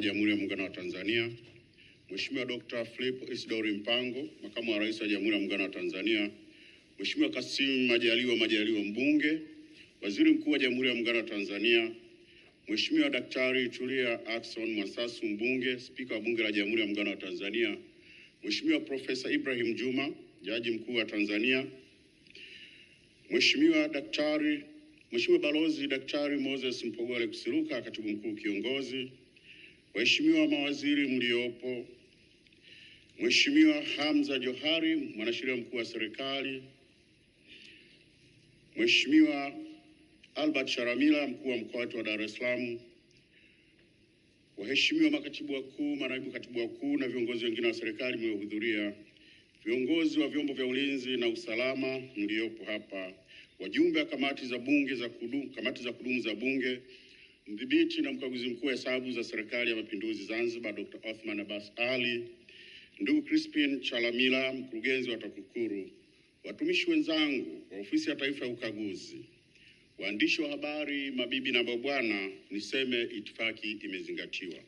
wa Jamhuri ya Muungano wa Tanzania, Mheshimiwa Dr. Philip Isidori Mpango, Makamu wa Rais wa Jamhuri ya Muungano wa Tanzania, Mheshimiwa Kassim Majaliwa Majaliwa Mbunge, Waziri Mkuu wa Jamhuri ya Muungano wa Tanzania, Mheshimiwa Daktari Tulia Ackson Mwasasu Mbunge, Spika wa Bunge la Jamhuri ya Muungano wa Tanzania, Mheshimiwa Profesa Ibrahim Juma, Jaji Mkuu wa Tanzania, Mheshimiwa Daktari Mheshimiwa Balozi Daktari Moses Mpogole Kusiluka, Katibu Mkuu Kiongozi, Waheshimiwa mawaziri mliopo, Mheshimiwa Hamza Johari, mwanasheria mkuu wa serikali, Mheshimiwa Albert Sharamila, mkuu wa mkoa wa Dar es Salaam, waheshimiwa makatibu wakuu, manaibu katibu wakuu na viongozi wengine wa serikali mliohudhuria, viongozi wa vyombo vya ulinzi na usalama mliopo hapa, wajumbe wa kamati za bunge za kudumu, kamati za kudumu za bunge Mdhibiti na mkaguzi mkuu wa hesabu za serikali ya mapinduzi Zanzibar, Dr. Othman Abbas Ali, ndugu Crispin Chalamila, mkurugenzi wa TAKUKURU, watumishi wenzangu wa ofisi ya taifa ya ukaguzi, waandishi wa habari, mabibi na mabwana, niseme itifaki imezingatiwa.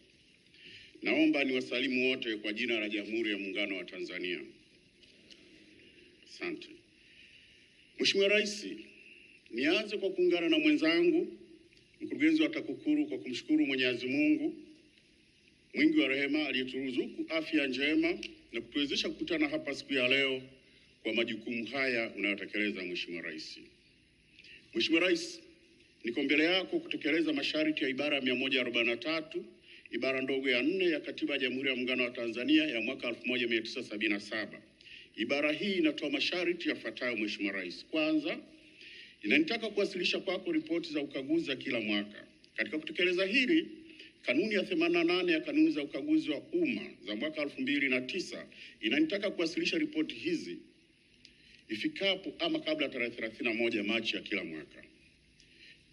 Naomba niwasalimu wote kwa jina la Jamhuri ya Muungano wa Tanzania. Asante. Mheshimiwa Rais, nianze kwa kuungana na mwenzangu mkurugenzi wa TAKUKURU kwa kumshukuru Mwenyezi Mungu mwingi wa rehema aliyeturuzuku afya njema na kutuwezesha kukutana hapa siku ya leo kwa majukumu haya unayotekeleza Mheshimiwa Rais. Mheshimiwa Rais, niko mbele yako kutekeleza masharti ya ibara ya 143 ibara ndogo ya nne ya Katiba ya Jamhuri ya Muungano wa Tanzania ya mwaka 1977. Ibara hii inatoa masharti yafuatayo Mheshimiwa Rais. Kwanza, inanitaka kuwasilisha kwako ripoti za ukaguzi za kila mwaka. Katika kutekeleza hili, kanuni ya 88 ya kanuni za ukaguzi wa umma za mwaka 2009 inanitaka kuwasilisha ripoti hizi ifikapo ama kabla ya tarehe 31 Machi ya kila mwaka.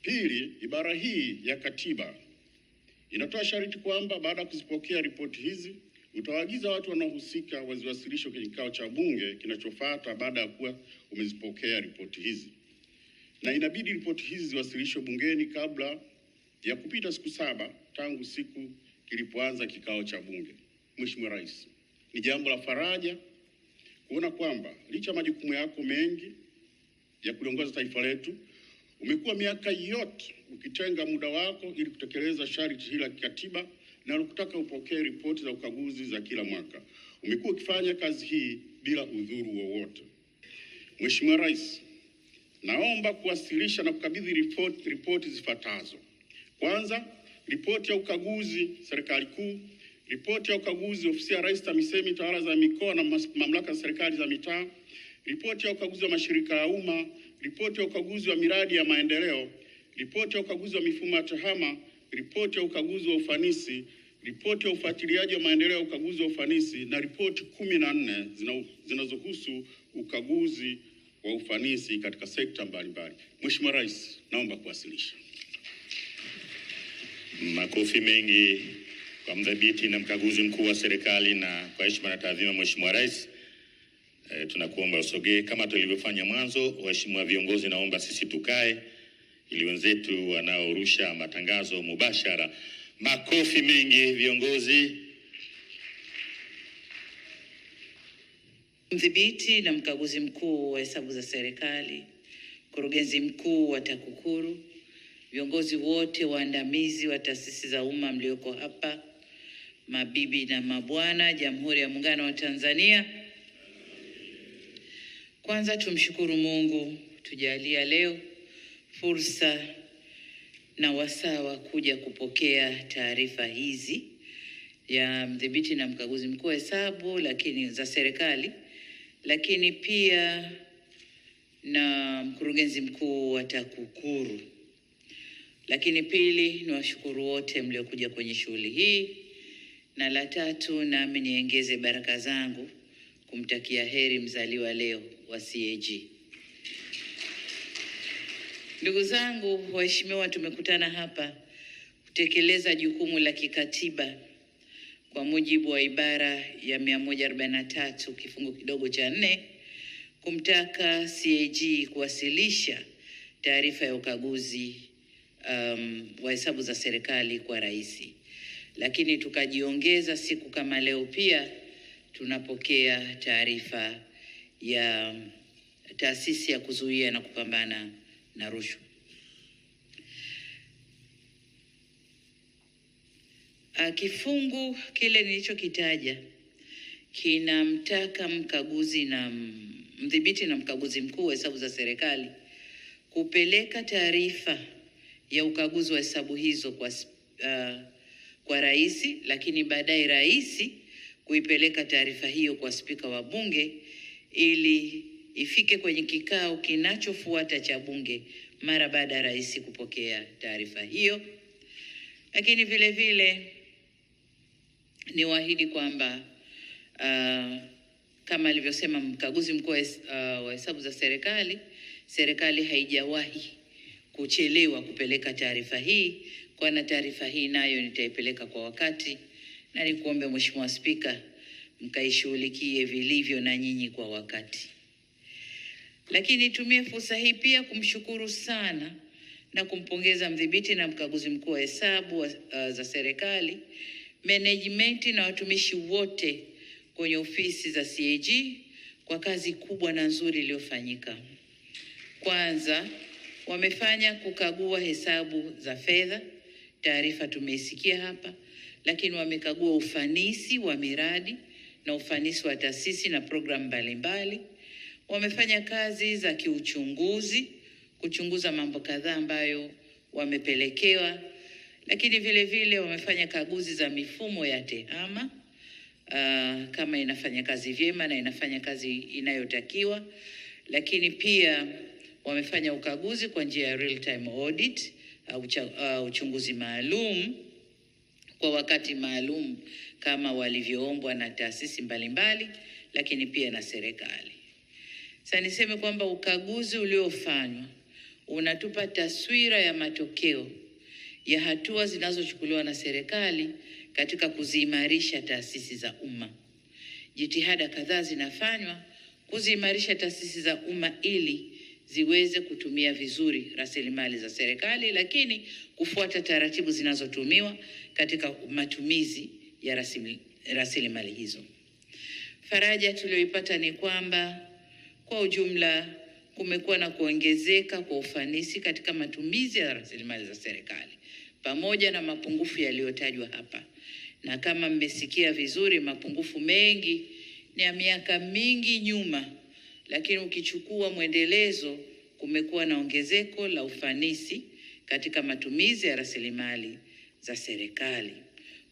Pili, ibara hii ya katiba inatoa sharti kwamba baada ya kuzipokea ripoti hizi utawaagiza watu wanaohusika waziwasilishe kwenye kikao cha bunge kinachofuata baada ya kuwa umezipokea ripoti hizi na inabidi ripoti hizi ziwasilishwe bungeni kabla ya kupita siku saba tangu siku kilipoanza kikao cha bunge. Mheshimiwa Rais, ni jambo la faraja kuona kwamba licha ya majukumu yako mengi ya kuliongoza taifa letu, umekuwa miaka yote ukitenga muda wako ili kutekeleza sharti hili la kikatiba linalokutaka upokee ripoti za ukaguzi za kila mwaka. Umekuwa ukifanya kazi hii bila udhuru wowote. Mheshimiwa Rais, naomba kuwasilisha na kukabidhi ripoti ripoti zifuatazo. Kwanza, ripoti ya ukaguzi serikali kuu, ripoti ya ukaguzi ofisi ya Rais TAMISEMI tawala za mikoa na mamlaka za serikali za mitaa, ripoti ya ukaguzi wa mashirika ya umma, ripoti ya ukaguzi wa miradi ya maendeleo, ripoti ya ukaguzi wa mifumo ya TEHAMA, ripoti ya ukaguzi wa ufanisi, ripoti ya ufuatiliaji wa maendeleo ya ukaguzi wa ufanisi na ripoti kumi na nne zinazohusu ukaguzi kwa ufanisi katika sekta mbalimbali. Mheshimiwa Rais, naomba kuwasilisha. Makofi mengi kwa mdhibiti na mkaguzi mkuu wa serikali, na kwa heshima na taadhima, Mheshimiwa Rais, e, tunakuomba usogee kama tulivyofanya mwanzo. Waheshimiwa viongozi, naomba sisi tukae ili wenzetu wanaorusha matangazo mubashara. Makofi mengi viongozi. mdhibiti na mkaguzi mkuu wa hesabu za serikali, mkurugenzi mkuu wa TAKUKURU, viongozi wote waandamizi wa taasisi za umma mlioko hapa, mabibi na mabwana, Jamhuri ya Muungano wa Tanzania. Kwanza tumshukuru Mungu tujalia leo fursa na wasaa wa kuja kupokea taarifa hizi ya mdhibiti na mkaguzi mkuu wa hesabu lakini za serikali lakini pia na mkurugenzi mkuu wa TAKUKURU. Lakini pili, ni washukuru wote mliokuja kwenye shughuli hii, na la tatu, nami niongeze baraka zangu kumtakia heri mzaliwa leo wa CAG. Ndugu zangu waheshimiwa, tumekutana hapa kutekeleza jukumu la kikatiba kwa mujibu wa ibara ya 143 kifungu kidogo cha nne kumtaka CAG kuwasilisha taarifa ya ukaguzi um, wa hesabu za serikali kwa rais. Lakini tukajiongeza siku kama leo pia tunapokea taarifa ya taasisi ya kuzuia na kupambana na rushwa. Ah, kifungu kile nilichokitaja kinamtaka mkaguzi na mdhibiti na mkaguzi mkuu wa hesabu za serikali kupeleka taarifa ya ukaguzi wa hesabu hizo kwa, uh, kwa rais, lakini baadaye rais kuipeleka taarifa hiyo kwa spika wa bunge ili ifike kwenye kikao kinachofuata cha bunge mara baada ya rais kupokea taarifa hiyo, lakini vile vile niwaahidi kwamba uh, kama alivyosema mkaguzi mkuu uh, wa hesabu za serikali, serikali haijawahi kuchelewa kupeleka taarifa hii, kwana taarifa hii nayo nitaipeleka kwa wakati, na nikuombe Mheshimiwa Spika mkaishughulikie vilivyo na nyinyi kwa wakati. Lakini nitumie fursa hii pia kumshukuru sana na kumpongeza mdhibiti na mkaguzi mkuu wa hesabu uh, za serikali management na watumishi wote kwenye ofisi za CAG kwa kazi kubwa na nzuri iliyofanyika. Kwanza wamefanya kukagua hesabu za fedha, taarifa tumeisikia hapa, lakini wamekagua ufanisi wa miradi na ufanisi wa taasisi na programu mbalimbali. Wamefanya kazi za kiuchunguzi, kuchunguza mambo kadhaa ambayo wamepelekewa lakini vile vile wamefanya kaguzi za mifumo ya TEHAMA uh, kama inafanya kazi vyema na inafanya kazi inayotakiwa, lakini pia wamefanya ukaguzi kwa njia ya real time audit uh, uh, uchunguzi maalum kwa wakati maalum kama walivyoombwa na taasisi mbalimbali mbali, lakini pia na serikali. Sasa niseme kwamba ukaguzi uliofanywa unatupa taswira ya matokeo ya hatua zinazochukuliwa na serikali katika kuziimarisha taasisi za umma. Jitihada kadhaa zinafanywa kuziimarisha taasisi za umma ili ziweze kutumia vizuri rasilimali za serikali, lakini kufuata taratibu zinazotumiwa katika matumizi ya rasilimali hizo. Faraja tuliyoipata ni kwamba kwa ujumla kumekuwa na kuongezeka kwa ufanisi katika matumizi ya rasilimali za serikali pamoja na mapungufu yaliyotajwa hapa, na kama mmesikia vizuri, mapungufu mengi ni ya miaka mingi nyuma, lakini ukichukua mwendelezo, kumekuwa na ongezeko la ufanisi katika matumizi ya rasilimali za serikali.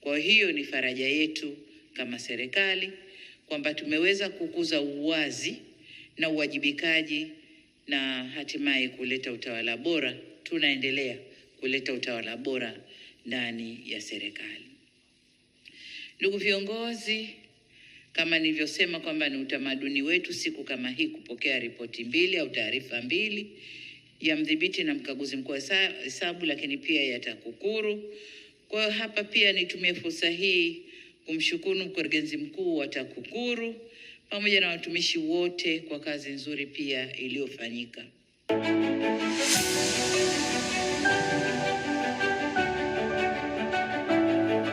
Kwa hiyo ni faraja yetu kama serikali kwamba tumeweza kukuza uwazi na uwajibikaji na hatimaye kuleta utawala bora. Tunaendelea kuleta utawala bora ndani ya serikali. Ndugu viongozi, kama nilivyosema kwamba ni utamaduni wetu siku kama hii kupokea ripoti mbili au taarifa mbili, ya mdhibiti na mkaguzi mkuu wa hesabu, lakini pia ya TAKUKURU. Kwa hiyo hapa pia nitumie fursa hii kumshukuru mkurugenzi mkuu wa TAKUKURU pamoja na watumishi wote kwa kazi nzuri pia iliyofanyika.